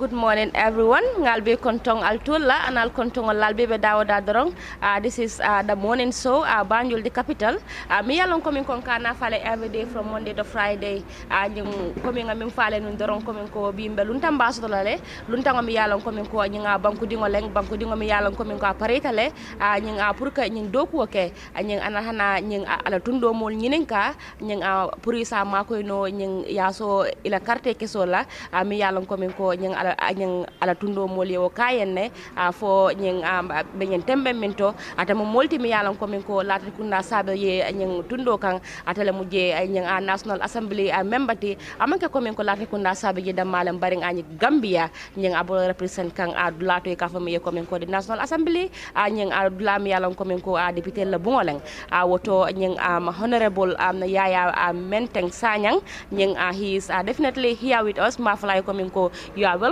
good morning everyone ngalbe kontong altulla anal kontong lalbe be dawoda dorong uh, this is uh, the morning show uh, banjul the capital uh, mi yalon komin kon kana fale every day from monday to friday uh, nyum komin uh, ngam fale nun dorong komin ko bimbe lunta mbaso lale lunta ngam yalon uh, komin ko uh, nyinga banku dingo leng banku dingo mi yalon komin ko pareta le uh, nyinga pour que nyin doku ke uh, nyin anahana nyin ala tundo mol nyininka nyin uh, pour makoy no nyin yaso ila carte kesola uh, mi yalon komin ko nyin ala ñing ala tundo mol yewo kayenne a fo a be ñen tembe min to ata mo molti mi yalan ko min ko latati kunna sabe ye ñing tundo kan ata le mujje ñing a national assembly a membati amanke ko min ko latati kunna sabe je damalam baring ani gambia ñing abo represent kan a dulato ka fami ye ko min ko de national assembly a ñing a dulam yalan ko min ko a député le bungoleng a woto ñing am honorable am yaya am menteng sanyang ñing a he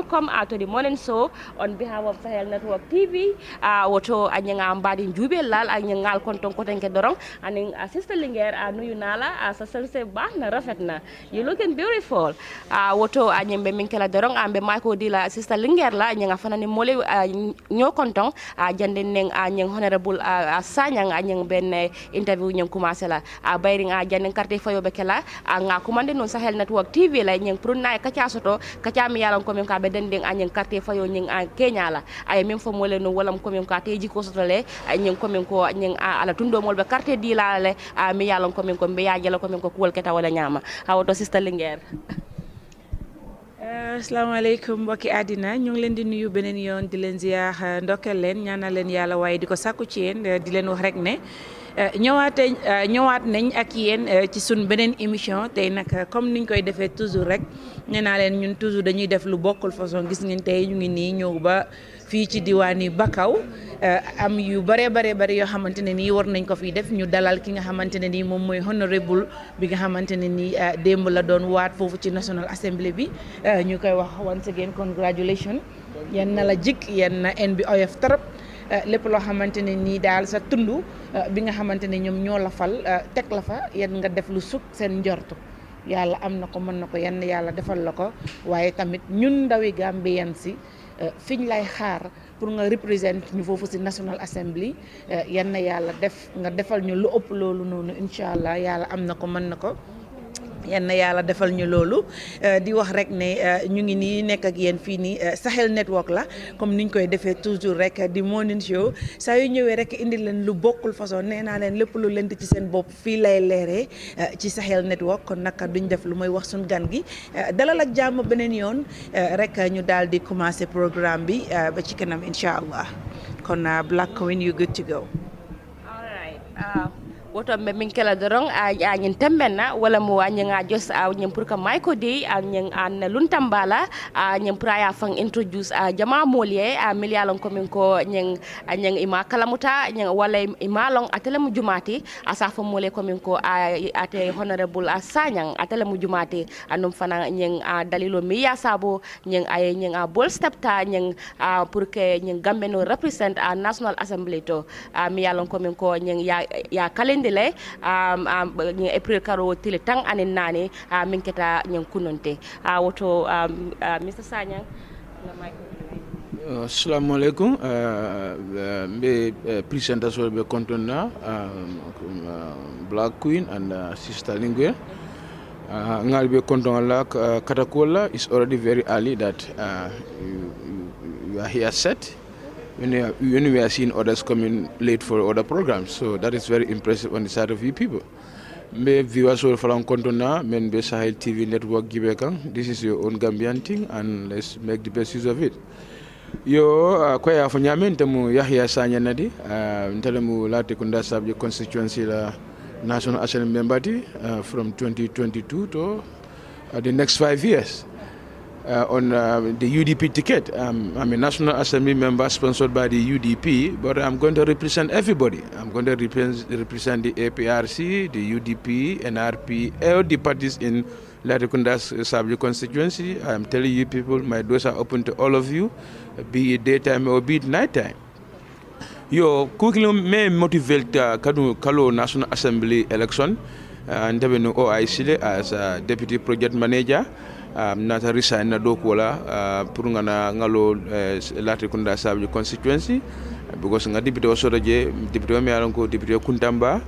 welcome uh, to the morning show on behalf of Sahel Network TV. Uh, woto anyanga ambadi njube lal anyanga alkonton a dorong aning nuyu nala uh, sa sense ba na rafet na. You looking beautiful. Uh, woto anyembe minkela dorong ambe Michael dila sister linger la a fanani mole uh, nyokontong uh, janden neng anyang honorable uh, sanyang anyang ben uh, interview nyang kumase la. Uh, bayring uh, janden karte fayobe kela a nga kumande non Sahel Network TV la nyang prunna kacha soto kacha mi den den a ñing quartier fayo ñing a kenya la ay même fo mole no walam ko min ko te jiko soto le ay ko min ko a ala tundo mol be quartier di le a mi yalon ko min ko be ya jela ko min ko kuwol keta wala ñama hawoto sister linguer eh, asalaamaaleykum mbokki àddina ñu ngi leen di nuyu beneen yo di leen ziar len leen ñaanal leen yàlla waaye di ko sàkku ci yéen di leen wax rek ne Euh, ñëwaate euh, ñëwaat nañ ak yéen euh, ci suñ beneen émission tey nag comme niñ koy defee toujours rek nee naa leen ñun toujours dañuy def lu bokkul façon gis ngeen tey ñu ngi nii ñëw ba fii ci diwaan yi Bakaw am yu bare bare bare yoo xamante ne nii war nañ ko fi def ñu dalal ki nga xamante ne nii moom mooy honorable bi nga xamante ne nii démb la doon waat foofu ci National Assembly bi ñu koy wax once again congratulation yan na la jik yan na en bi oyof trop Eh, lépp loo xamante ne nii daal sa tund eh, bi nga xamante ne ñoom ñoo lafal eh, teg la fa yan nga def lu sut seen njortu yàlla am na ko mën na ko yenn yàlla defal la ko waaye tamit ñun ndawi Gambien si fiñ lay xaar pour nga représenter ñu foofu si National Assembly yan na yàlla def nga defal ñu lu ëpp loolu noonu incha allah yàlla am na ko mën na ko yenn na yàlla defal ñu loolu euh, di wax rek ne euh, ñu ngi nii nekk ak yéen fii nii euh, Sahel Network la comme niñ koy defee toujours rek di morning show saa yu ñëwee rek indi leen lu bokkul façon nee naa leen lépp lu lënt ci seen bopp fii lay leeree ci Sahel Network kon naka duñ def lu may wax suñ gan gi dalal ak jàmm beneen yoon rek ñu daal di commencer programme bi ba ci kanam incha allah kon Black Queen you good to go. wotomɓe min kela doron ñin tembenna walla mo ñin a jos ñin pour que mayko dey ñin an luntam bala ñin pour aya fan introduce a jama molie a milyalon komin ko ñin ñin ima kalamuta ñin walla ima lon a ko ate a sañan a dalilo mi ya sabo a bol stepta ñin pour que ñin gambe no represent a national assembly to mi yalon komin ko ñin ya ya kalen soyndile um, um, april karo tili tan anin nani uh, min keta ñan kunonte uh, woto mr um, uh, sañan assalamu aleykum mbe présentation be contonna black queen and uh, sister lingue uh, ngal ɓe contoalla katakolla is already very early that uh, you, you, you are here set when we, are, when we are seeing others coming late for other programs. So that is very impressive on the side of you people. May viewers will follow Kontona, men be Sahel TV network Gibeka. This is your own Gambian thing and let's make the best use of it. Yo uh, kwa ya fanyame ntamu Yahya Sanya nadi, uh, are late kunda sabje constituency la National Assembly member uh, from 2022 to the next five years uh, on uh, the UDP ticket. Um, I'm a National Assembly member sponsored by the UDP, but I'm going to represent everybody. I'm going to represent, the APRC, the UDP, NRP, all the parties in Latikunda's uh, Sabri constituency. I'm telling you people, my doors are open to all of you, be it daytime or be it nighttime. yo quickly may motivate uh, kadu kalo national assembly election and uh, ndebe no oic as a deputy project manager Um, nata uh, resign na doku wala uh, pour ngalo lati kunda sabi constituency because nga député osoto je député o mi alon ko député kuntamba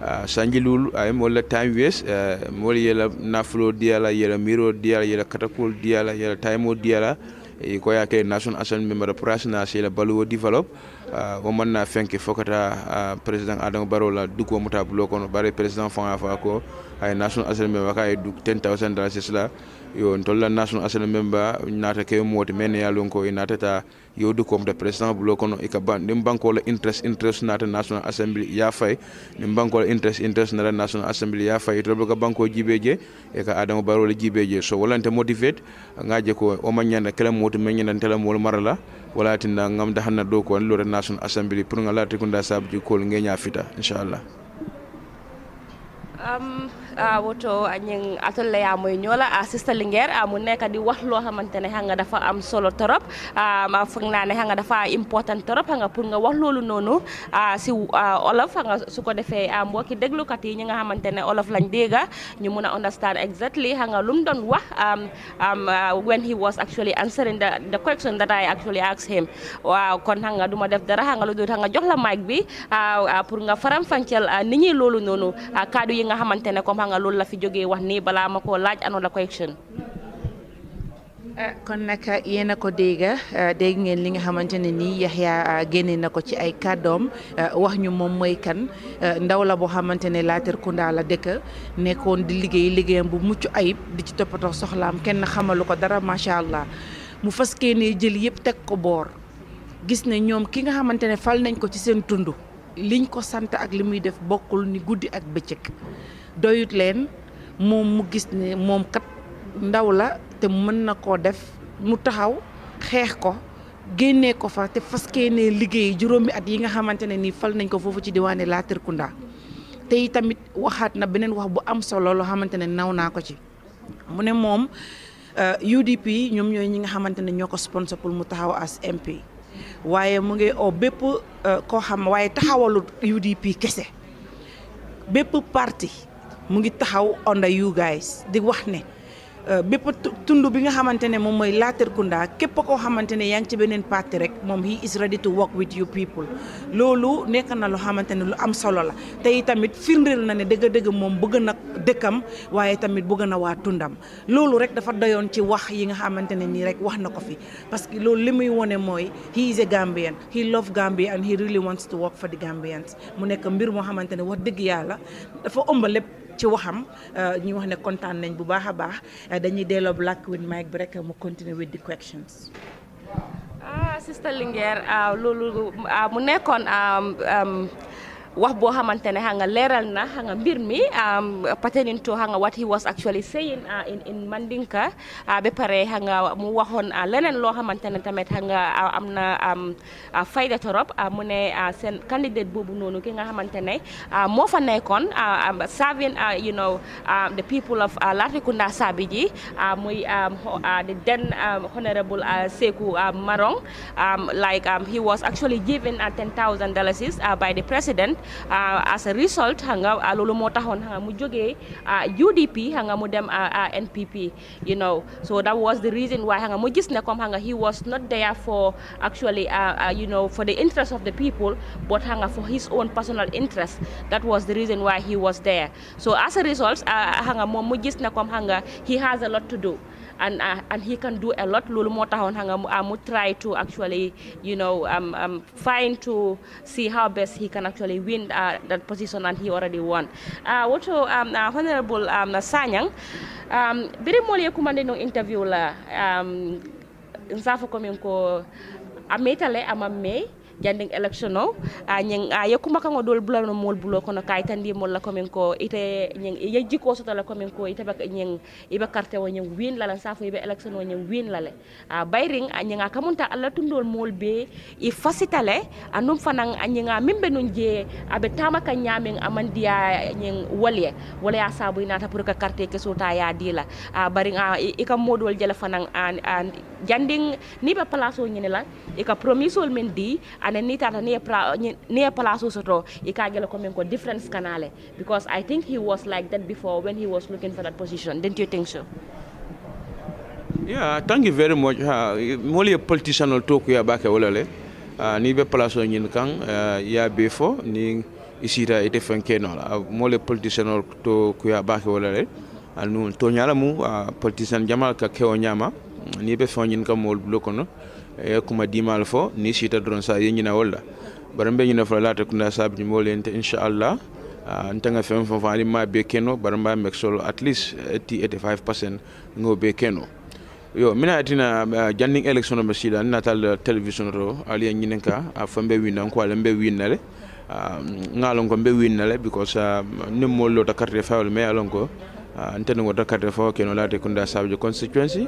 uh, sanjilul ay uh, molla time wes uh, yela nafulo diala yela miro diala yela katakul diala yela time o diala e eh, ko ya ke national assembly member pras na se la baluo develop uh, man na fenke fokata uh, president adam barola la duko muta blokono bare president fanga fako ko ay national assembly member ka e duk 10000 dollars la yo ntolla national assembly member nata ke moti men ya lon ko inata ta yodu kom de president bulo kono e ka ban nim banko la interest interest nata national assembly ya fay nim banko la interest interest nata national assembly ya fay to ka banko jibeje e ka adamo baro la jibeje so wolante motivate ngaje ko o manyanda kala moti men nyanda tele mol marala wala tinna ngam da hanna do ko lo national assembly pour ngala tikunda sabji kol ngenya fita inshallah um woto ñing atul la yaa muy ñoola a sista Linguère mu nekk di wax loo ne xam nga am solo torop ma foog naa ne xam nga dafa important torop xam nga pour nga wax loolu noonu si olof xam nga su ko defee mbokki déglukat yi ñi nga xamante ne olof lañ dégga ñu mun a understand exactly xam nga lu mu wax when he was actually answering the the question that I actually asked him waaw kon xam nga du ma def dara xam nga lu dul nga jox la mic bi pour Manga loolu la fi jógee wax nii balaa ma koo laaj ano la correction eh, kon nag yéen a ko dégga eh, dégg ngeen li nga xamante ne nii Yahya eh, génne na ko ci ay kàddoom wax ñu moom mooy kan ndaw la boo xamante ne Latrikunda la dëkk nekkoon di liggéey liggéeyam bu mucc ayib di ci toppatoo soxlaam kenn xamalu ko dara macha allah mu fas keenee jël yëpp teg ko boor gis ne ñoom ki nga xamante ne fal nañ ko ci seen tund liñ ko sant ak li muy def bokkul ni guddi ak bëccëg doyut leen moom mu gis ne moom kat ndaw la te mën na koo def mu taxaw xeex ko génnee ko fa te fas yéenee liggéey juróomi at yi nga xamante ne nii fal nañ ko foofu ci diwaane la Latrikunda te tamit waxaat na beneen wax bu am solo loo xamante ne naw naa ko ci mu ne moom UDP euh, ñoom ñooy ñi nga xamante ne ñoo ko sponsor pour mu taxaw as MP waaye mu ngi oo bépp euh, koo xam waaye taxawalu UDP kese bépp parti mu ngi taxaw under you guys di wax ne euh, bépp tund bi nga xamante ne moom mooy Latrikunda képp koo xamante ne yaa ngi ci beneen parti rek moom he is ready to work with you people loolu nekk na loo xamante ne lu am solo la tey tamit firndeel na ne dëgg-dëgg moom bëgg na dëkkam waaye tamit bëgg na waa tundam loolu rek dafa doyoon ci wax yi nga xamante ne nii rek wax na ko fi parce que loolu li muy wone mooy he is a Gambian he love Gambia and he really wants mu nekk mbir moo xamante ne wax dëgg yàlla dafa ëmb lépp ci waxam euh, ñu wax ne kontaan nañ bu baax a baax euh, dañuy delloo black with mic bi rek mu continue with the questions. ah sister Linguère ah, loolu ah, mu nekkoon. wax boo xamante ne nga leeral na xam nga mbir mi pertaining to xam nga what he was actually saying uh, in in Mandinka uh, ba pare xam nga mu waxoon uh, leneen loo xamante ne tamit xam nga am na um, fayda torop mu ne seen candidate boobu noonu ki nga xamante ne moo fa nekkoon um, serving you know um, the people of Latrikunda Sabiji muy the then honorable Sekou Marong like he was actually given ten thousand dollars by the president uh, as a result hanga uh, loolu moo taxoon hanga mu UDP uh, hanga mu dem NPP you know so that was the reason why hanga mu gis ne comme he was not there for actually you know for the interest of the people but hanga for his own personal interest that was the reason why he was there so as a result hanga moom mu gis ne he has a lot to do and uh, and he can do a lot lolu mo taxone nga uh, mu try to actually you know um, um find to see how best he can actually win uh, that position and he already won uh, um, uh honorable um, Sanyang um, biri mo le kumande no interview la um nsafa ko min ko ametale jandin election o a ah, ñing a ah, yekkuma kango dol bulano mol bulo kono kay tandi molla komin ko ite ñing yejji ko ko ite bak ñing ibe carte o ñing win lala safo ibe election o ñing win lale a ah, bayring a kamunta alla tundol mol be i fasitale anum fanan a ñinga mimbe nun je abe tamaka ñamin amandiya ñing wolye wala ya sabu inata pour que carte ke sota ya dila a baring a ikam modol jela fanan an jandin ni ba palaso o ñini la i ka promisol min di ane ni tata ni ye place soto i ka gele ko min ko difference kanale because i think he was like that before when he was looking for that position didn't you think so yeah thank you very much ha moli ye politician to ku ya bake wala le ni be palaso o ñin kan ya be fo ni isita ite fenke no la moli politician to ku ya bake wala le anu to nyala mu politician jamal ka kewo nyama ni ɓe feñin kam mowol bulo kono e eh, kuma dimal fo ni sita doron sa na wolla bara mbe ñina fala lata kunda sabji mowol ente inchallah ah, ntaŋa feŋ feŋ fo aniŋ maa bee kenoo bari mbaa mek solo at least ti 85 percent ŋo bee kenoo yo mina atina uh, ah, janniŋ élection be siida natal télévision ro ali ye ñiniŋ ka a ah, fo mbe winna mbe winna le ŋa ko mbe winna le because niŋ moolu loota carte fayol me ye a loŋ ko nte niŋ wota carte fawo kenoo kunda constituency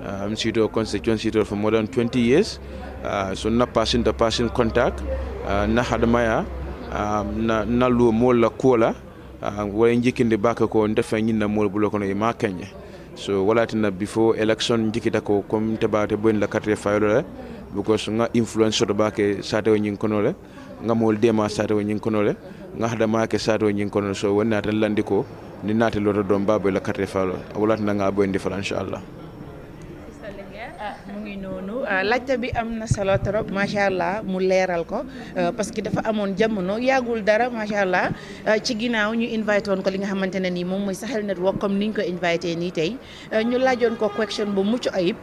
Uh, I'm uh, seen a constituency for more than 20 years. Uh, so na passing to passing contact uh, na hadamaya um, na na lu mola kola uh, wala njikinde baka ko ndefa nyinna mola bulo kono ma kenya so wala tina before election njikita ko comme tabate bon la carte fayolo le because nga influence to baka sate nyin kono la nga mol dema sate nyin kono la nga hadama ke sate nyin kono so wonna tan ni nate loto dom babe la carte faylo wala tina nga boy inshallah mu ngi noonu euh, laajte bi am na solo trop macha allah mu leeral ko euh, parce que dafa amoon jamono yàggul dara macha allah euh, ci ginnaaw ñu invité woon ko li nga xamante ne nii moom mooy Sahel Network comme ni ñu ko invité nii tey ñu laajoon ko question bu mucc ayib.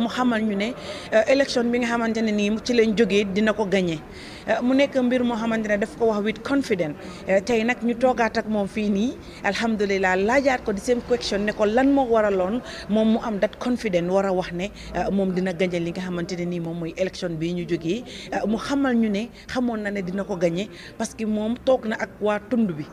mu xamal ñu ne élection bi nga xamante ne nii ci lañ jóge dina ko gagné Eh, mu nekk mbir moo xamante ne daf ko wax with confident eh, tey nag ñu toogaat ak moom fii nii alhamdulilah laajaat ko di same question ne ko lan moo waraloon moom mu am dat confident war a wax ne eh, moom dina gañe li nga xamante ne nii moom mooy élection bii ñu jógee mu xamal ñu ne xamoon na ne dina ko gañe parce que moom toog na ak waa tund bi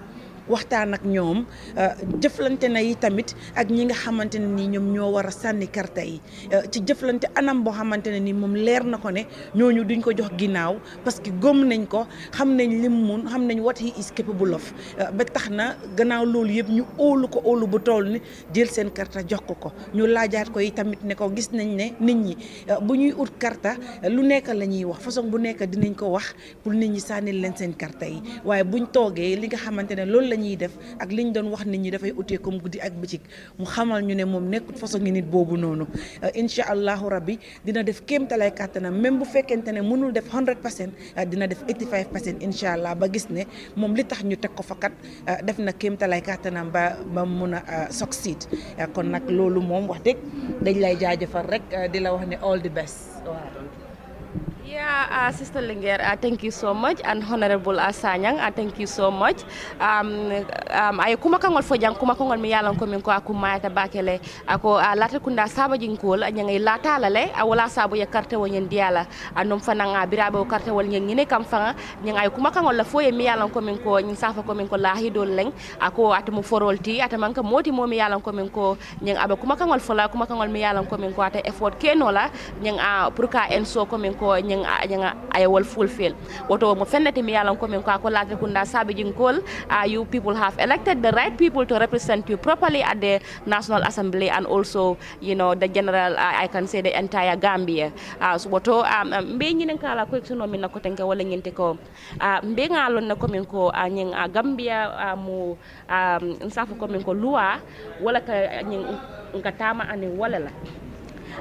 waxtaan ak ñoom euh, jëflante na yi tamit ak ñi nga xamante ne nii ñoom ñoo war a sànni karta yi euh, ci jëflante anam boo xamante ne nii moom leer na ko ne ñooñu duñ ko jox ginnaaw parce que gëm nañ ko xam nañ lim mun xam nañ what he is euh, ba tax na gannaaw loolu yëpp ñu óolu ko óolu bu tool ni jël seen karta jox ko ko ñu laajaat ko yi tamit ne ko gis nañ ne nit ñi bu ñuy ut karta lu nekk la ñuy wax façon bu nekk dinañ ko wax pour nit ñi sànni leen seen karta yi waaye buñ toogee li nga xamante ne loolu la ñuy def ak li ñu doon wax nit ñi dafay utee comme guddi ak bëccëg mu xamal ñu ne moom nekk façon ngi nit boobu noonu euh, incha allahu rabbi dina def kéemtalaay kàttanam même bu fekkente ne mënul def 100 percent euh, dina def 85 percent incha allah ba gis ne moom li tax ñu teg ko fakat euh, def na kéemtalaay kàttanam ba ba mun a succeed kon nag loolu moom wax dëgg dañ lay jaajëfal rek di la wax ne all the best Yeah, ya, uh, Sister Linger, uh, ah, thank you so much, and Honorable Asanyang, ah, uh, ah, thank you so much. Um, um, ayo kuma kangol fojang kuma kangol mi yalan ko aku ko ya ta bakele a uh, lata kunda saba jinkol nyanga lata lale wala sabo ya karte wonyen diala anom fananga birabe karte kam kuma kangol la foye mi yalan ko ko safa ko lahi do leng ako atemu forolti atamanka moti mo mi yalan kominko nyeng ko nyang kuma kangol fola kuma kangol mi yalan ko ata effort kenola nyang a purka kominko en ñing a ñing a wal fulfill woto mo fennati mi yalan ko min ko ko laatre kunda sabe jinkol uh, ah, you people have elected the right people to represent you properly at the national assembly and also you know the general uh, i can say the entire gambia uh, so woto um, mbe ñinen kala ko ko no min ko tenka wala ñente ko uh, mbe ngalon na ko min ko uh, ñing uh, gambia uh, mu um, safu ko min ko loi wala ka ñing ngatama ani wala la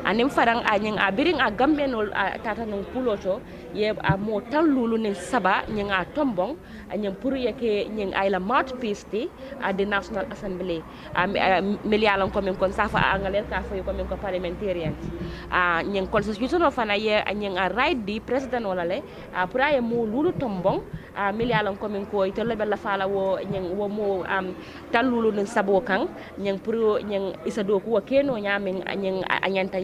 anin faran anyin a birin a gambe no a tatanin puloto ye a mo tan lulu nin saba nyin a tombon anyin puru yake nyin ayla mouthpiece ti a the national assembly a miliyalan ko min kon safa a angalen ka fo ko min ko parliamentarian a nyin constitution no fana ye anyin a right di president wala le a pura ye mo lulu tombon a miliyalan ko min ko ito lebe la fala wo nyin wo mo am tan lulu nin sabo kan nyin puru nyin isa do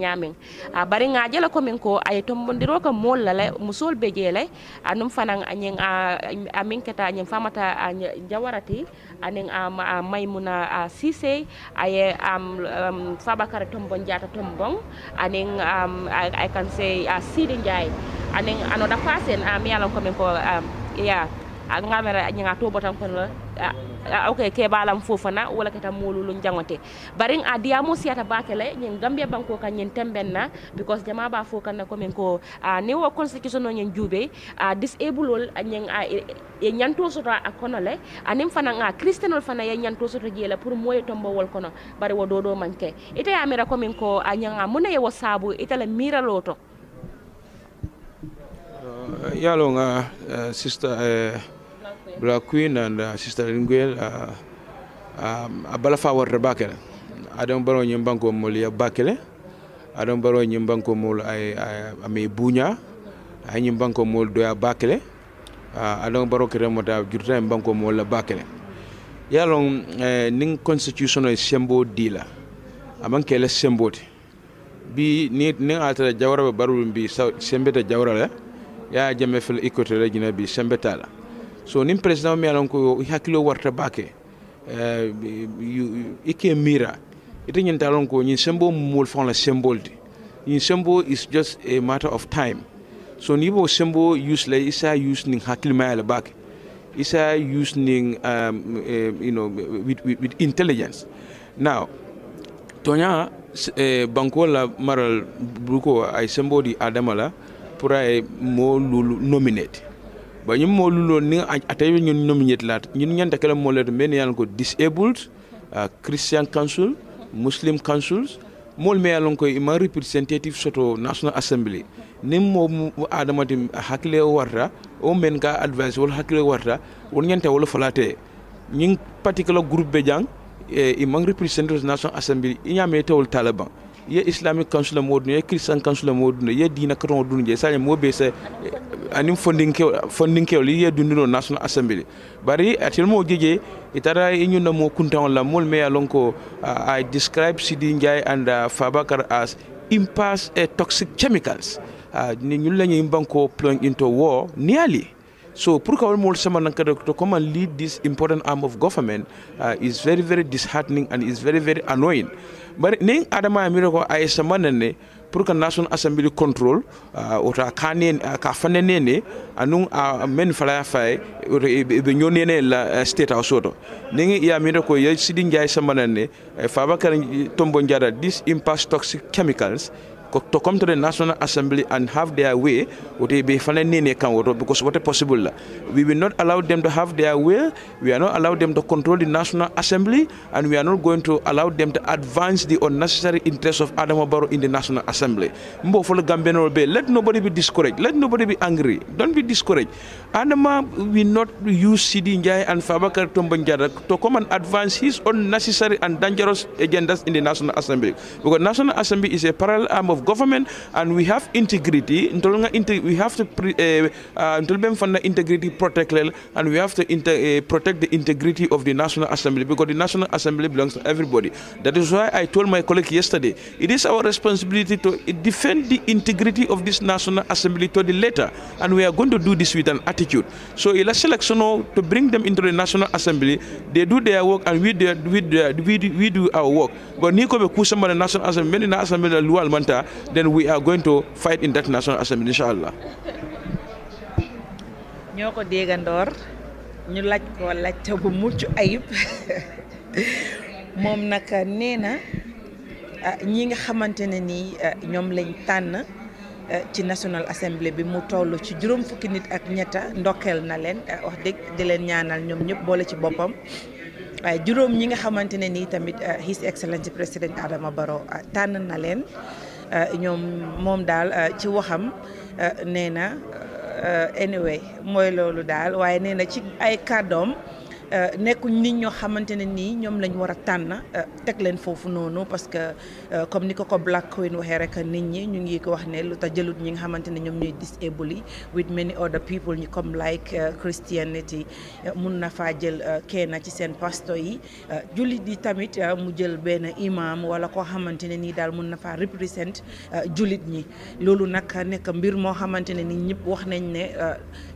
ñamin a ah, bari ŋajela komin ko ay tombondiro ka mool la le musol be je le anum ah, fanan añin a amin ah, keta añin famata a jawarati anin a maymuna a sise aye am fabakara tombon jata tombon anin i can say a sidi ndiaye anin anoda fasen a mi yalan komin ko ya angamere ñinga to botan kon lo ah, ah, ok ke balam fofana wala kata molu lu jangote barin a diamu siata bakele ñin gambia banko kan ñin tembenna because jama ba fo kan ko men ko a ni wo constitution no ñin jube a ah, disable ol ñin a e ñanto soto a kono le anim fana nga christianol fana ye ñanto soto jela pour moy tombo wol kono bari wo dodo manke ite ya mera ko men ko a ñanga munaye wo sabu itala miraloto uh, yalo nga uh, sister uh, Black Queen and uh, Sister Linguel uh, um, a bala fa warta bakele adam baro nyim banko mol ya bakele adam baro nyim banko mol ay ame buña ay nyim banko mol do ya bakela uh, adam baro kere mota jurta banko mol la bakela ya eh, ning constitution e sembo dila aman kele sembo bi ni ni atara jawra be baru bi sembeta jawra la ya jame fil ikote la jina bi sembeta la so nin président mi alon ko hakkilo warta bake uh, eh, ike mira ite ñinta lon ko ñin sembo mumol fon la symbole di ñin sembo is just a matter of time so ni bo sembo use la isa use ning hakkil la bake isa use ning um, uh, you know with, with, with intelligence now toña eh, banko la maral bruko ay sembo di adama la pour ay e mo lulu nominate ba ñum mo lulo ni atawi ñun nominate lat ñun ñanta kala mo leto men yalla ko disabled euh, christian council muslim councils mol me yalla ko ima representative soto national assembly ni mo adama tim hakle warta o men ka advice wol hakle warta won ñanta wol falate ñing particular groupe be jang e eh, imang representative national assembly iñame tawol taliban ye islamic kansula mo dun ye christian kansula mo dun ye dina katon dun je sanye moo be se anim funding ke ye dundino national assembly bari atel mo jeje itara inyu na mo kuntan la mol me alonko uh, i describe sidi njay and uh, fabacar as impasse e toxique chemicals uh, ni ñun lañuy banko plunging into war nearly So pour Purkawal Mulsamananka to come and lead this important arm of government uh, is very, very disheartening and is very, very annoying bari nin adama mire ko ay samanane pour que nation assembly control uh, ah, ota kane uh, ka fanene ne anun a uh, men fala fay be nyone ne la eh, state house to nin ya mire ko ya sidin jay samanane uh, fabakar tombo njara this impasse toxic chemicals to come to the National Assembly and have their way, would be because what is possible. We will not allow them to have their will, we are not allow them to control the National Assembly, and we are not going to allow them to advance the unnecessary interests of Adam Obaro in the National Assembly. Let nobody be discouraged, let nobody be angry, don't be discouraged. Adama will not use Sidi Njai and Fabakar Tombanjara to come and advance his unnecessary and dangerous agendas in the National Assembly. Because National Assembly is a parallel arm of of government and we have integrity we have to eh, uh, integrity protect and we have to uh, protect the integrity of the National Assembly because the National Assembly belongs to everybody. That is why I told my colleague yesterday, it is our responsibility to defend the integrity of this National Assembly to the letter and we are going to do this with an attitude. So in a selection to bring them into the National Assembly, they do their work and we do, we do, we do, we do our work. But Niko Bekusamba, the National Assembly, many National Assembly, manta then we are going to fight in that National Assembly inshallah. ñoo ko déggandoor ñu laaj ko laajte bu mucc ayib moom nag nee na ah, ñi nga xamante ne nii ah, ñoom lañ tànn ah, ci National Assembly bi mu toll ci juróom fukki nit ak ñetta ndokkeel na leen wax dëgg di leen ñaanal ñoom ñëpp boole ci boppam waaye juróom ñi nga xamante ne nii tamit His Excellency President Adama Barrow tànn na leen Euh, ñoom moom daal euh, ci waxam euh, nee na anyway mooy loolu daal waaye nee na ci ay kàddoom Euh, nekkuñ nit ñoo xamante ne nii ñoom lañ war a tànn euh, teg leen foofu noonu parce que euh, comme ni ko ko Black Queen waxee rek nit ñi ñu ngi ko wax ne lu tax jëlut ñi nga xamante ne ñoom ñooy disable yi with many other people ñi comme like Christianity mun na faa jël kenn ci seen pasto yi jullit yi tamit mu jël benn imam wala koo xamante ne nii daal mun na faa represent jullit ñi loolu nag nekk mbir moo xamante ne ni ñëpp wax nañ ne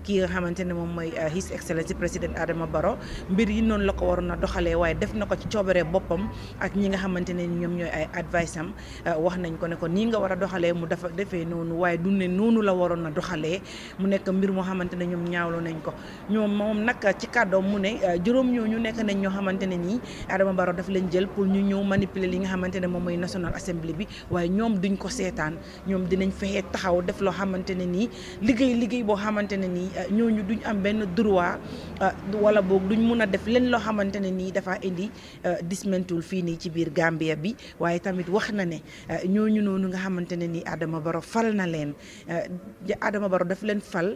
kii nga xamante ne moom mooy His Excellency Président Adama Barrow mbir yi noonu la ko waroon a doxalee waaye def na ko ci coobaree boppam ak ñi nga xamante ne ñoom ñooy ay advice am euh, wax nañ ko ne ko nii nga war a doxalee mu dafa defee noonu waaye du ne noonu la waroon a doxalee mu nekk mbir moo xamante ne ñoom ñaawlo nañ ko ñoom moom nag ci kàddoom mu ne euh, juróom ñooñu nekk nañ ñoo xamante ne nii Adama Barrow daf jël pour ñu ñëw manipuler li nga xamante ne moom mooy National Assembly bi waaye ñoom duñ ko seetaan ñoom dinañ fexe taxaw def loo xamante ne nii liggéey liggéey boo xamante ne nii euh, ñooñu duñ am benn droit wala boog duñ mun a loo xamante ne nii dafa indi euh, dismantul fii nii ci biir Gambia bi waaye tamit wax na ne euh, ñooñu noonu nga xamante ne nii Adama Barrow fal na leen euh, Adama Barrow daf leen fal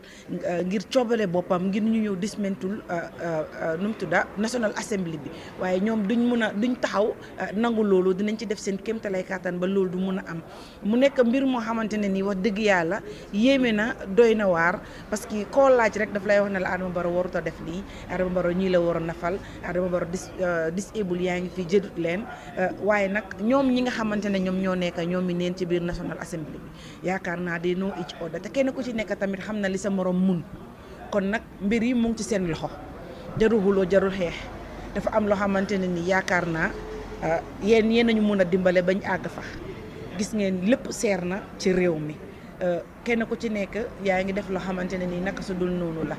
ngir coobale boppam ngir ñu ñëw dismantul nu mu tudda National Assembly bi waaye ñoom duñ mun a duñ taxaw nangu loolu dinañ ci def seen kéemtalaay kàttan ba loolu du mun a am mu nekk mbir moo xamante ne nii wax dëgg yàlla yéeme na doy na waar parce que koo laaj rek daf lay wax ne la Adama Barrow waruta def lii Adama Barrow ñii la war a nafal Adama Barrow dis euh, disable yaa ngi fi jël leen euh, waaye nag ñoom ñi nga xamante ne ñoom ñoo nekk ñoom mi neen ci biir National Assembly bi yaakaar naa de noo each other te kenn ku ci nekk tamit xam na li sa morom mun kon nag mbir yi mu ngi ci seen loxo jarul jarul xeex dafa am loo xamante ne ni yaakaar naa euh, yéen yéen nañu mun a dimbale bañ àgg fa gis ngeen lépp seer na ci réew mi kenn ku ci nekk yaa ngi def loo xamante ne nii naka su dul noonu la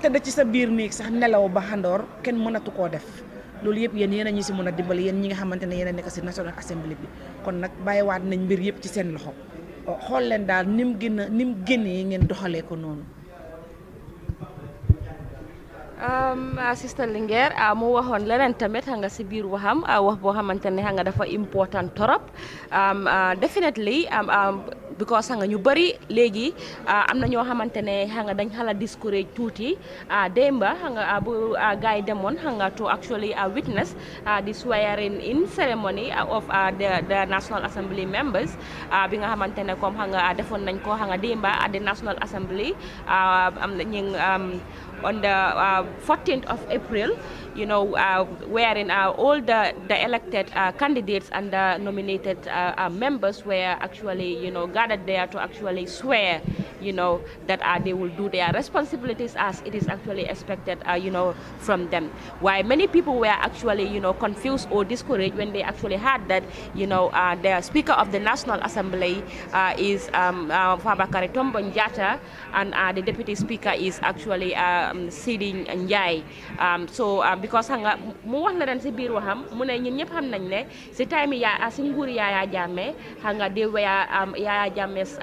da ci sa bir nek sax nelaw ba handor ken mënatu ko def loolu yépp yeen yéen ñi ci si mën a dimbali yéen ñi nga xamantene ne nek ci national assembly bi kon baye waat nañ mbir yépp ci seen loxo xol leen daal nim gën nim génnee ngeen doxalee ko non um, assistant ah, sister a mo waxon leneen tamit nga ci biir waxam uh, wax bo xamantene nga dafa important torop um, ah, definitely um, um, because xam nga ñu bëri léegi ah, am na ñoo xamante ne xam nga dañ xala discourage tuuti ah, démba xam nga ah, bu gars yi demoon xam nga to actually witness di swearing in ceremony of the National Assembly members bi nga xamante ne comme xam defoon nañ ko xam nga démba at the National Assembly am na ñu um, on the 14 of April you know, uh, wherein uh, all the, the elected uh, candidates and the nominated uh, uh, members were actually, you know, gathered there to actually swear, you know, that uh, they will do their responsibilities as it is actually expected, you know, from them. Why many people were actually, you know, confused or discouraged when they actually heard that, you know, the Speaker of the National Assembly is um, uh, Fabakari Tombonjata and the Deputy Speaker is actually um, Sidi Njai. Um, so um, because xam nga mu wax na leen si biir waxam mu ne ñun ñëpp xam nañ ne si time yaa si nguur Yaya Jammeh xam nga they were um,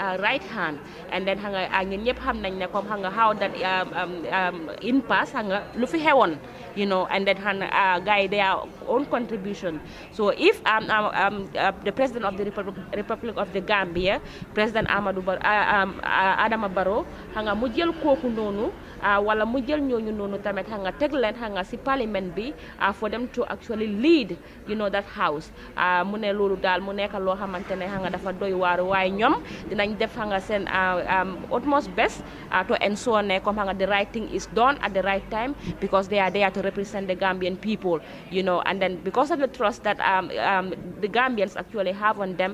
uh, right hand and then xam nga uh, ñun ñëpp xam nañ ne comme xam nga how that um, um, impasse xam nga lu fi xewoon you know and then xam nga uh, gars yi own contribution so if the president of the Republic of the Gambia président Amadou Ba Adama Barrow xam mu jël kooku noonu Ah, wala mu jël ñooñu noonu tamit xam nga teg leen xam nga si parliament bi ah, for them to actually lead you know that house ah, mu ne loolu daal mu nekk loo xamante ne xam nga dafa doy waar waaye ñoom dinañ def xam nga seen utmost best to ensure ne comme xam nga the right thing is done at the right time because they are there to represent the Gambian people you know and then because of the trust that um, um, the Gambians actually have on them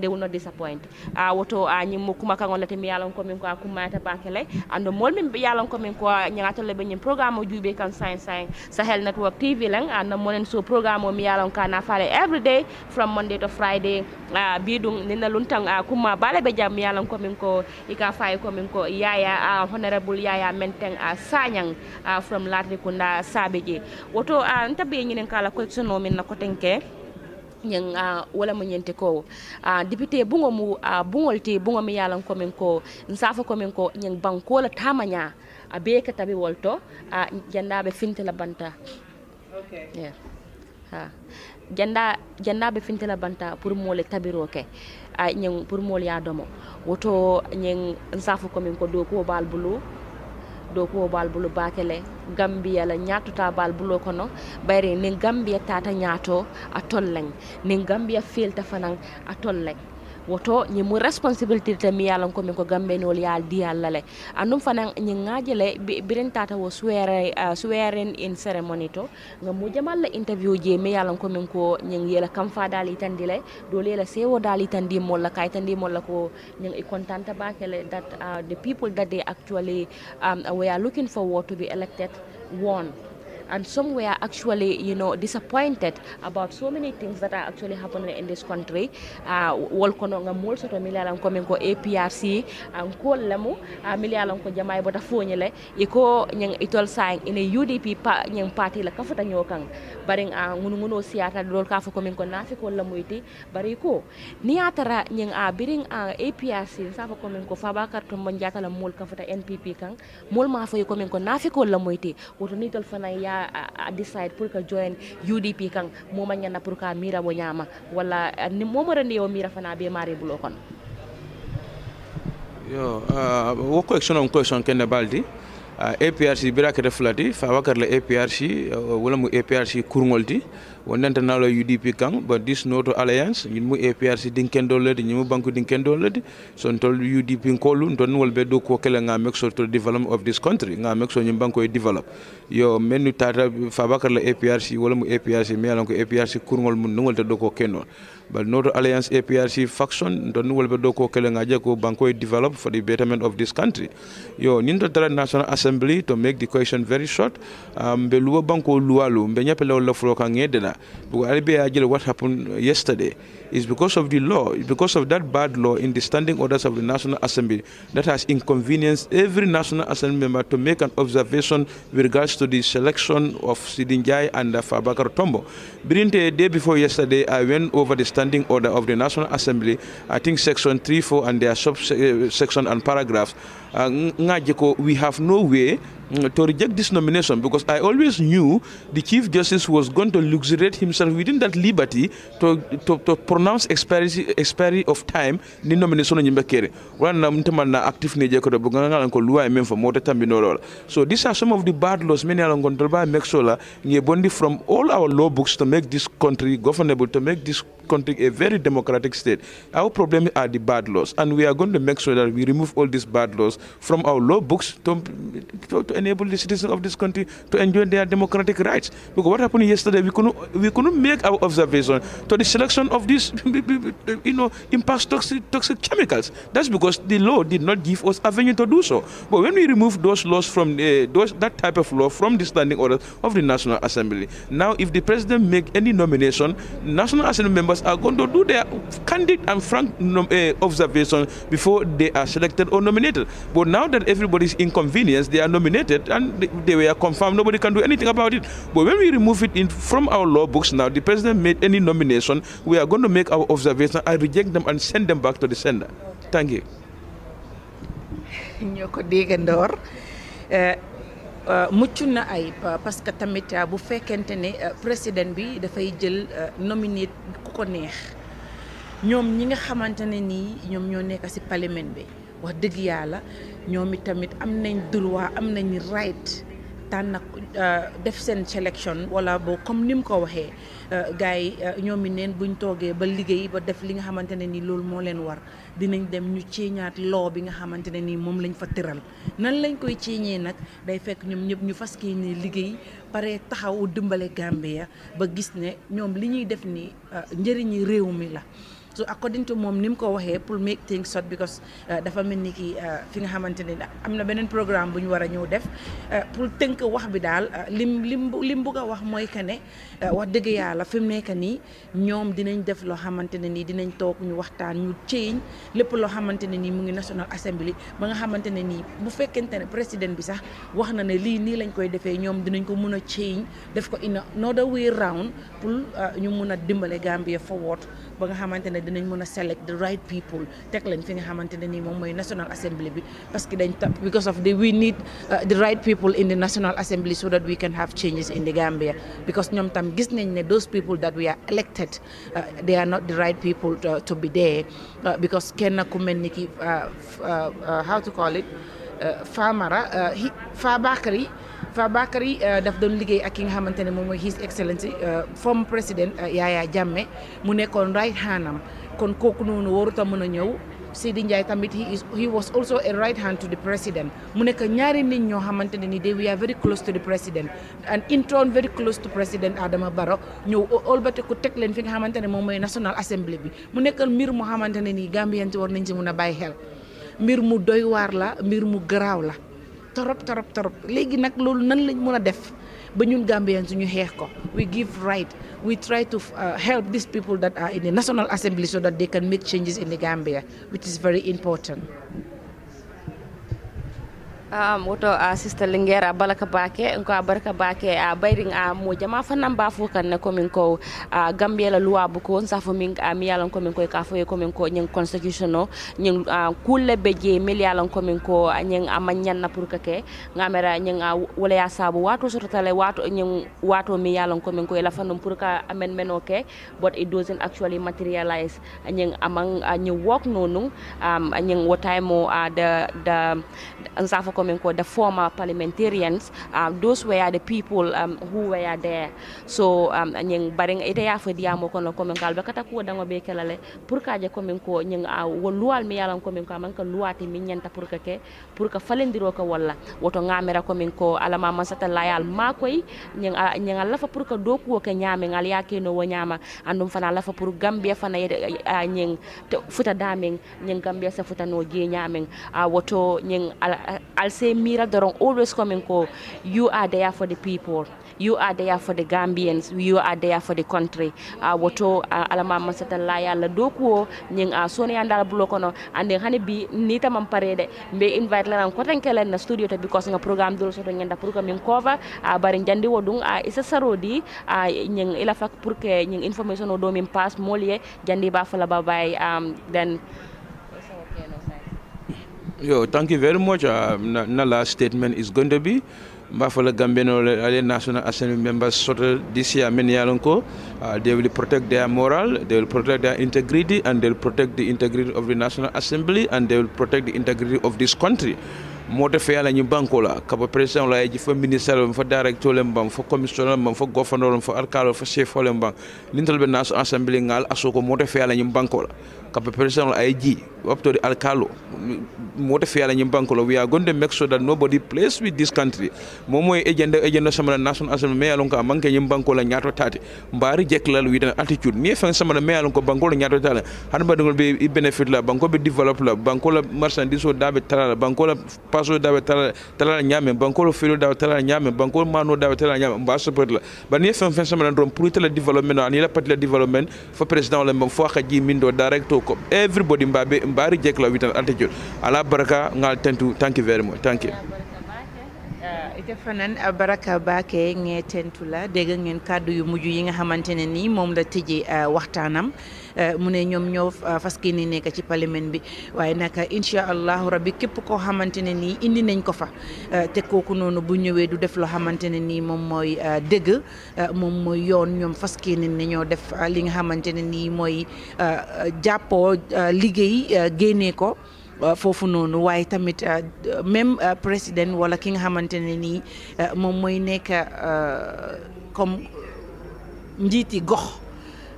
they will not disappoint woto ñi mu kuma kango lati mi yalon ko min ko akumata bankele and mol min yalon kanko min ko ñagatole ɓe ñin programme o juuɓe kan sain sain sahel network tv len annan monen so programme o mi yalon ka nafale everyday from monday to friday mbiɗum nina luntan kumma baale ɓe jaam mi yalon komin ko ika fayi komin ko yaya honorable yaya menten sañang from latri kunda saabe ƴe woto n tabi ñinen kala question o min na kotenke ñing a wala mo ñente ko uh, député bungo mu uh, bungol te bungo mi yalan ko min ko nsafa ko min ko ñing banko la tamanya a beeka tabi wolto a jandaɓe fintela banta janda jandaɓe fintela banta pour mole tabiroke a ñen pour mol yadomo woto ñen safo komin ko dow kuwo bal bulu dow kuwo bal bulu bakele gambiya la ñatota bal bulu kono bayre nin gambiya tata ñato a tolleng nin gambiya felta fanan a tolleng woto ñimu responsibilité mi yalan ko min ko gambenol yal diyallale andum fanan ñi ngajele biren tata wo swear uh, swearing in ceremony to ngam mo jamal la interview je mi yalan ko min ko ñi yela kam fa dal itandile do lela sewo dal itandi mo la kay tandi mo la ko ñi e contente ba kele that uh, the people that they actually um, we are looking for to be elected one and some were actually, you know, disappointed about so many things that are actually happening in this country. Uh, wol kono nga mol soto milialan ko min ko APRC ang um, ko lamu uh, milialan ko jamay bota phone le iko nyang itol saing ine UDP pa nyang party la kafuta nyokan baring ang uh, ngunu ngunu siata dol kafu ko min ko nafi ko lamu iti bari ko niatara nyang a biring ang APRC sa ko ko fabakar to mon jata la mol kafuta NPP kang mol ma ko min ko nafi ko lamu iti woto ni tol uh, decide pour ka join UDP kan mo manya na pour ka mira bo nyama wala ni mo mo rende yo mira fana be mare bulo kon yo uh, wo question on question ken baldi uh, APRC bira ke reflati fa wakar le APRC uh, wala mu APRC kurngol di Nalo udp kan but this noto alliance mu aprc dinken dollede ñinmu banque dinken dollede son tol udp lu don wol be do ko kala nga mek so to develop of this country nga mek so ñim banko e develop yo menu tata fabakar la aprc wala mu aprc melan ko aprc kurngol mu ngol te do ko kenno ba noto alliance aprc faction don wol be do ko kala nga je ko banko e develop for the betterment of this country yo nin to tara national assembly to make the question very short um, be luwa banko luwalu be nyapelo la fro kan ngedena Because Alibi what happened yesterday is because of the law, because of that bad law in the standing orders of the National Assembly that has inconvenienced every National Assembly member to make an observation with regards to the selection of Sidinjai and uh, Fabakar Tombo. During the day before yesterday, I went over the standing order of the National Assembly, I think section 3, 4, and their subsection eh, and paragraphs. Uh, we have no way Mm, to reject this nomination because I always knew the Chief Justice was going to luxuriate himself within that liberty to, to, to pronounce expiry, expiry of time ni nomination nyimba kere wana mtema na active ni jeko dobo nganga lanko luwa emen for mota tambi nolola so these are some of the bad laws many along control make sola nye bondi from all our law books to make this country governable to make this country a very democratic state our problem are the bad laws and we are going to make sure that we remove all these bad laws from our law books to, to, to enable the citizens of this country to enjoy their democratic rights. Because what happened yesterday, we couldn't, we couldn't make our observation to the selection of these, you know, impacts toxic, toxic chemicals. That's because the law did not give us avenue to do so. But when we remove those laws from the, eh, those, that type of law from the standing order of the National Assembly, now if the president make any nomination, National Assembly members are going to do their candid and frank nom- uh, observation before they are selected or nominated. But now that everybody is inconvenienced, they are nominated cited and they were confirmed. Nobody can do anything about it. But when we remove it in, from our law books now, the president made any nomination, we are going to make our observation and reject them and send them back to the sender. Thank you. ñoo ko déggandoor eh, eh, mucc na ayib parce que tamit eh, bu fekkente ne président bi dafay jël nominate ku ko neex ñoom ñi nga xamante ne nii ñoom ñoo nekk ci parlement bi wax dëgg yàlla ñoom i tamit am nañ droit am nañ right tànn nag euh, def seen sélection wala boo comme ni mu ko waxee euh, gars yi euh, ñoom i neen buñ toogee ba liggéey ba def li nga xamante ne ni loolu moo leen war dinañ dem ñu ceeñaat loo bi nga xamante ne nii moom lañ fa tëral nan lañ koy ceeñee nag day fekk ñoom ñëpp ñu fas yéene liggéey pare taxawu dimbale Gambia ba gis ne ñoom li ñuy def nii njëriñi réew mi la so according to moom ni mu ko waxee pour make things short because uh, dafa mel ni ki uh, fi nga xamante ni am na beneen programme bu ñu war a ñëw def uh, pour tënk wax bi daal lim lim lim bugg wax mooy que ne wax dëgg yàlla fi mu nekk nii ñoom dinañ def loo xamante ne nii dinañ toog ñu waxtaan ñu change lépp loo xamante ne nii mu ngi National Assembly ba nga xamante ne nii bu fekkente ne président bi sax wax na ne lii nii lañ koy defee ñoom dinañ ko mun a change def ko in another way round pour ñu mun a dimbale Gambia forward ba nga xamante dinañ mën select the right people fi nga national assembly bi parce que dañ because of the we need uh, the right people in the national assembly so that we can have changes in the Gambia because ñoom tam gis nañ ne those people that we are elected uh, they are not the right people to, to be there uh, because kenn ku mel ki uh, uh, uh, how to call it Euh, Famara euh, Fa Bakary Fa Bakary euh, daf doon liggéey ak ki nga xamante ne moom mooy His Excellency former président Yaya Jammeh mu nekkoon right handam kon kooku noonu warut a mën a ñëw Sidi a right hand mu nekk ñaari nit ñoo xamante ne ni they were very close to the president and in turn very close to president Adama Barrow ñëw olbate ku teg leen fi xamante ne moom mooy National Assembly bi mu nekk mbir moo xamante ne nii Gambien ci war nañ si mun a bàyyi xel. mbir mu doy waar la mbir mu garaaw la torop torop torop léegi nag loolu nan lañ mën a def ba ñun Gambians suñu xeex ko we give right we try to uh, help these people that are in the National Assembly so that they can make changes in the Gambia which is very important um, ah, woto a ah, sister linguére a ah, balaka bake ko a bake a bayring a mojama fannan ba fo kan ne komin ko a gambia la loi bu ko sa fo min a mi yalan komin ko e ka fo komin e ko nyen constitution no nyen uh, kulle be je mil yalan komin ko nyen a manyan na pour kake ngamera nyen a wala ya sabu wato so tale wato nyen wato mi yalan komin ko e la fannum pour ka amen meno ke but it doesn't actually materialize nyen amang nyen walk no nung um nyen wotay mo a da da sa fo coming called the former parliamentarians. Um, those were the people um, who were there. So nying um, baring ite ya fe diamo kono coming kalbe kata ko dango be kelale pour ka je coming ko nying uh, a wolual mi yalan coming ko man ka luati mi nyanta pour ka ke pour ka falendiro ka walla woto ngamera coming ko alama masata layal makoy nying a uh, nying ala fa pour ka dokuo ke nyame ngal ya ke no wo nyama andum fana ala fa pour gambia fana nying uh, futa daming nying gambia sa futa no je nyame a woto nying al I'll say Miradorong always coming ko, you are there for the people. You are there for the Gambians. You are there for the country. Uh, woto uh, ah, alama masata laya la dokuo nying uh, ah, sone andala buloko no and then hani bi nita mamparede mbe invite la ko tan kelen na studio ta because nga program dul so ngenda pour ko min cover a uh, bari jandi wodung a uh, isa sarodi a uh, nying ila fak pour que nying information o do min pass molie jandi ba fala ba um, then Yo, thank you very much. Uh, my last statement is going to be Mafala Gambino the National Assembly members sort of this year Menialonko. Uh, they will protect their moral, they will protect their integrity, and they will protect the integrity of the National Assembly, and they will protect the integrity of this country. moto fe ala ñu banko la kaba président la ji fa ministère fa directeur le mbam fa commissioner mbam fa gofanor fa alkalo fa chef le mbam lintal be nas Assembly, ngal asoko moto fe ala ñu banko la kamɓe président IG waɓtode alkalo woto feyala ñim bankolo we are going to make sure that nobody plays with this country momo e ejende ejende samana national assembly mais alon ko a manque la bankola ñatotate mbaari jeklal witan attitude ni fen samana mais alon ko bankolo ñatotala han mbaɗigol ɓe i bénéfice la bankoɓe développe la banko la marchandise o daɓe talala bankola passe o daɓe talala talala ñamen bankolo feelo daɓe talala ñamen bankolo mano daɓe talala ñamen mba support la ba ni fen fen samana drom pour itala développement o ani la parti la développement fo président o lemban fo a ka ji min ko everybody mbaɓe mbari jeklawittan altitude ala baraka ngal tentu thank you very much Tefanan Baraka Baake Ngetentu la dégg ngeen kàddu yu mujj yi nga xamante ne nii moom la tëjee euh, waxtaanam euh, mu ne ñoom ñoo euh, fas yéene nekk ci parlement bi waaye nag incha allahu rabbi képp koo xamante ne nii indi nañ ko fa te kooku noonu bu ñëwee du def loo xamante ne nii moom mooy dëgg moom mooy yoon ñoom fas yéene ne ñoo def li nga xamante ne nii mooy jàppoo liggéey génnee ko. Euh, foofu noonu waaye tamit euh, même euh, président wala ki nga xamante ne nii moom mooy nekk comme njiiti gox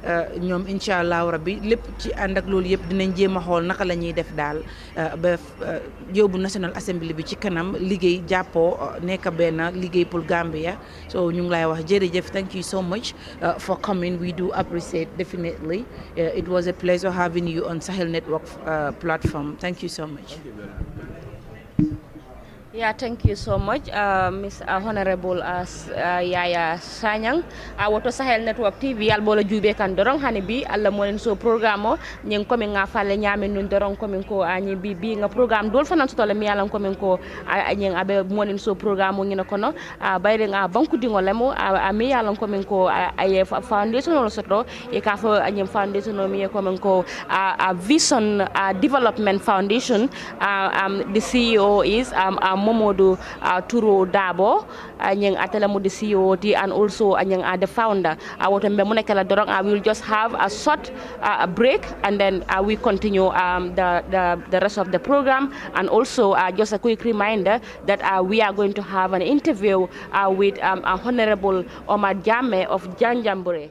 Euh, ñoom incha allahu rabbi lépp ci ànd ak loolu yëpp dinañ jéem a xool naka la ñuy def daal euh, ba euh, yóbbu National Assembly bi ci kanam liggéey jàppoo nekk benn liggéey pour Gambia so ñu ngi lay wax jërëjëf thank you so much for coming we do appreciate definitely it was a pleasure having you on Sahel Network platform thank you so much Yeah, thank you so much, uh, Miss uh, Honorable uh, uh, Yaya Sanyang. Uh, Woto Sahel Network TV al bola jube kan dorong hani bi alla mo len so programme I'm coming min nga falle nyame nun dorong ko min ko anyi uh, bi bi nga programme dol fanan I'm coming mi yalan ko min ko uh, uh, nyen abe mo len so programme kono uh, bayre nga banku dingo lemo I'm coming yalan ko min ko ay foundation lo soto e ka fo foundation I'm coming min ko a vision uh, development foundation uh, um, the CEO is um, um, Momodu uh, Turo Dabo, Anyang Atelamu COT, and also Anyang uh, the founder. Uh, I will uh, just have a short uh, break and then uh, we continue um, the, the, the, rest of the program. And also, uh, just a quick reminder that uh, we are going to have an interview with um, Honorable Omar Jame of Janjambure.